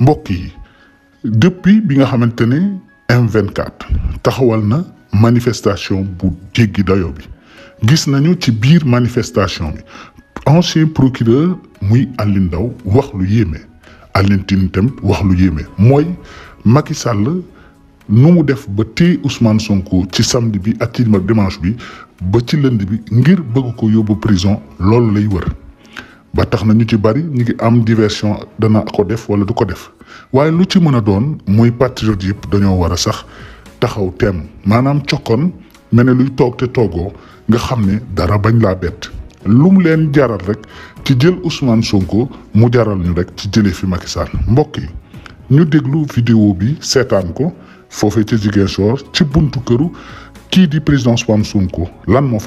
mbokk depuis bi nga xamantene M24 taxawal na manifestation bu djegi dayo bi gis nañu ci biir manifestation bi ancien procureur muy Alioune Ndao wax lu yéeme Alioune Tine tamit wax lu yéeme moy Macky Sall nu mu def ba téye Ousmane Sonko ci samedi bi ak ci dimanche bi ba ci lënd bi ngir bëgg ko prison loolu lay wër ba tax na ñu ci bari ñu ngi am diversion dana ko def wala du ko def waaye lu ci mën a doon muy patriote yëpp dañoo a sax taxaw teem maanaam cokkoon luy toog te nga xam dara bañ laa bett lu leen jaral rek ci jël Ousmane Sonko mu jaral ñu rek ci vidéo bi ko président Ousmane Sonko lan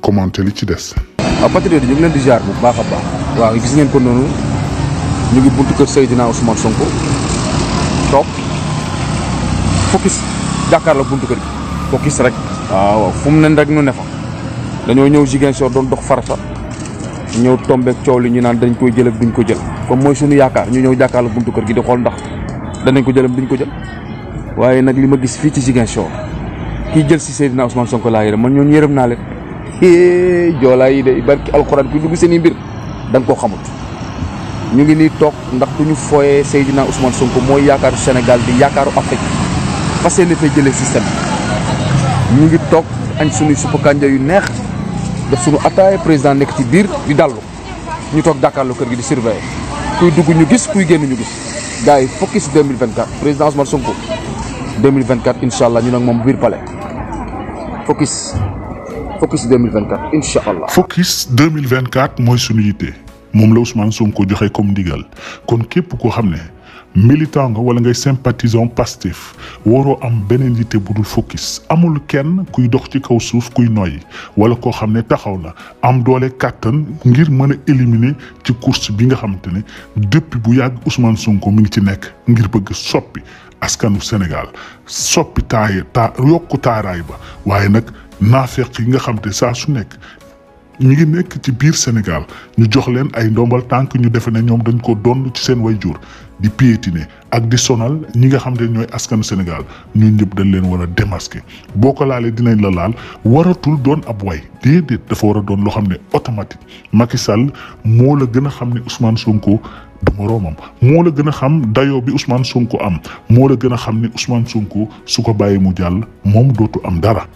commenté waaw patriote ñu ngi di jaar bu baax a baax waaw gis ngeen ko noonu ñu ngi buntu kër Seydina Ousmane Sonko toog focus jàkkaar la buntu kër gi focus rek waaw fu mu ne rek ñu ne fa dañoo ñëw Ziguinchor doon dox farata ñëw tombeek coow li ñu naan dañ koy jël ak duñ ko jël comme mooy suñu yaakaar ñu ñëw jàkkaar la buntu kër gi di xool ndax danañ ko jëlam duñ ko jël waaye nag li gis fii ci Ziguinchor kii jël si Seydina Ousmane Sonko laa yërëm man ñooñu yërëm naa leen hé jola yi de barki alquran ku dugg seen mbir dang ko xamut ñu ngi ni tok ndax duñu foyé sayidina ousmane sonko moy yaakaaru sénégal di yaakaaru afrique fassé ne fay jëlé système ñu ngi tok añ suñu supu yu neex def suñu ataay président nek ci bir di dalu ñu tok dakar lu kër gi di surveiller kuy dugg ñu gis kuy génn ñu gis gaay focus 2024 président ousmane sonko 2024 inshallah ñu nak mom bir palais focus Focus incha allah. Focus 2024 mooy sunu yitte moom la Ousmane Sonko joxe comme ndigal kon képp koo xam ne militant nga wala ngay sympathisant Pastef waroo am beneen yitte bu dul Focus amul kenn kuy dox ci kaw suuf kuy noyyi wala koo xam ne taxaw na am doole kàttan ngir mën a éliminer ci course bi nga xamante ne dëpp bu yàgg Ousmane Sonko mu ngi ci nekk ngir bëgg soppi askanu Sénégal soppi taay ta yokku taaraay ba waaye nag. naafeq yi nga xam te saa su nekk ñu ngi nekk ci biir Sénégal ñu jox leen ay ndombal tànk ñu defe na ñoom dañ ko donn ci seen jur di piétiner ak di sonal ñi nga xam te ñooy askanu Sénégal ñun ñëpp dañ leen war a démasquer boo ko laalee dinañ la laal waratul doon ab way déedéet dafa war a doon loo xam ne automatique Macky Sall moo la gën a xam ne Ousmane sunku du moroomam la gën a xam dayoo bi Ousmane Sonko am moo la gën a xam ne Ousmane Sonko su ko bàyyi mu jàll moom dootu am dara.